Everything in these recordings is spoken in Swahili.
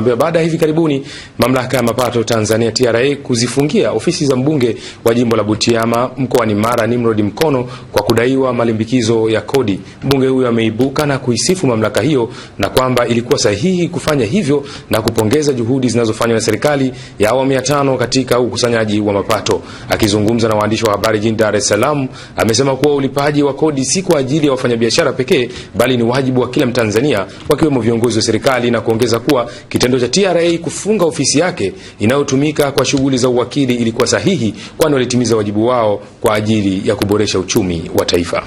Ndio baada ya hivi karibuni mamlaka ya mapato Tanzania TRA kuzifungia ofisi za mbunge wa jimbo la Butiama mkoani Mara Nimrod Mkono kwa kudaiwa malimbikizo ya kodi. Mbunge huyo ameibuka na kuisifu mamlaka hiyo na kwamba ilikuwa sahihi kufanya hivyo na kupongeza juhudi zinazofanywa na serikali ya awamu ya tano katika ukusanyaji wa mapato. Akizungumza na waandishi wa habari jijini Dar es Salaam, amesema kuwa ulipaji wa kodi si kwa ajili ya wafanyabiashara pekee, bali ni wajibu wa kila Mtanzania, wakiwemo viongozi wa serikali na kuongeza kuwa Kitendo cha TRA kufunga ofisi yake inayotumika kwa shughuli za uwakili ilikuwa sahihi, kwani walitimiza wajibu wao kwa ajili ya kuboresha uchumi wa taifa.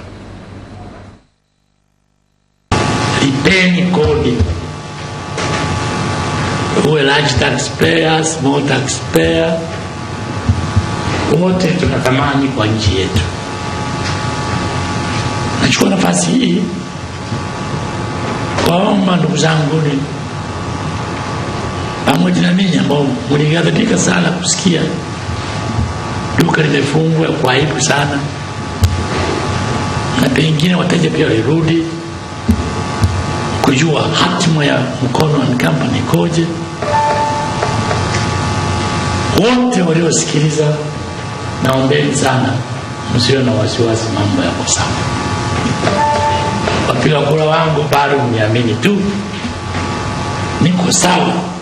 Lipeni kodi, uwe large taxpayer, small taxpayer, wote tunatamani kwa nchi yetu. Nachukua nafasi hii kwaomba ndugu zangu ni pamoja na mimi ambao mlighadhibika sana kusikia duka limefungwa kwa aibu sana, na pengine wateja pia walirudi kujua hatima ya mkono wa Company ikoje. Wote waliosikiliza, naombeni sana, msio na wasiwasi, mambo yako sawa. Wapiga kura wangu bado mniamini tu, niko sawa.